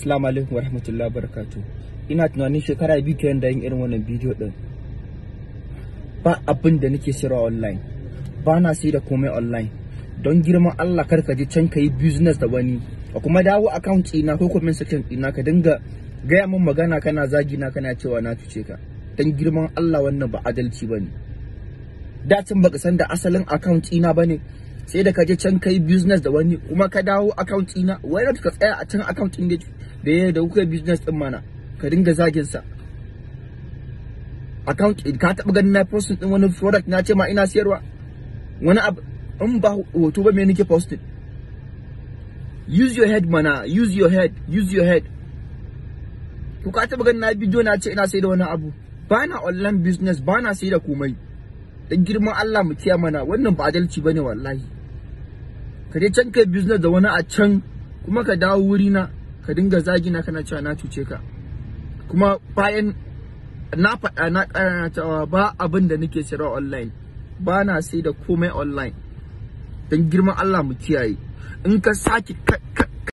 Assalamu alaikum warahmatullahi wabarakatuh. Ina tunanin shekara biyu kenan da yin irin wannan bidiyo din. Ba abin da nake sayarwa online. Ba na sai da komai online. Don girman Allah kar ka je can ka yi business da wani. Ka kuma dawo account ina ko comment section ina ka dinga gaya min magana kana zagi na kana cewa na cuce ka. Don girman Allah wannan ba adalci bane. tun baka san da asalin account ina bane. sai da kaje can kai business da wani kuma ka dawo account ina wai not ka tsaya a can account din da ya da kuka business din mana ka dinga zagin sa account ka taba ganin na post din wani product na ce ma ina siyarwa wani abu in ba hoto ba me nake posting use your head mana use your head use your head ku ka taba ganin na video na ce ina sai da wani abu bana online business bana sai da komai dan girman Allah mu kiya mana wannan ba adalci bane wallahi ka je can kai business da wani a can kuma ka dawo wuri na ka dinga zagina kana cewa na cuce ka kuma bayan na faɗa na ƙara na cewa ba abin da nake sayarwa online ba na sai da komai online don girman Allah mu kiyaye in ka sake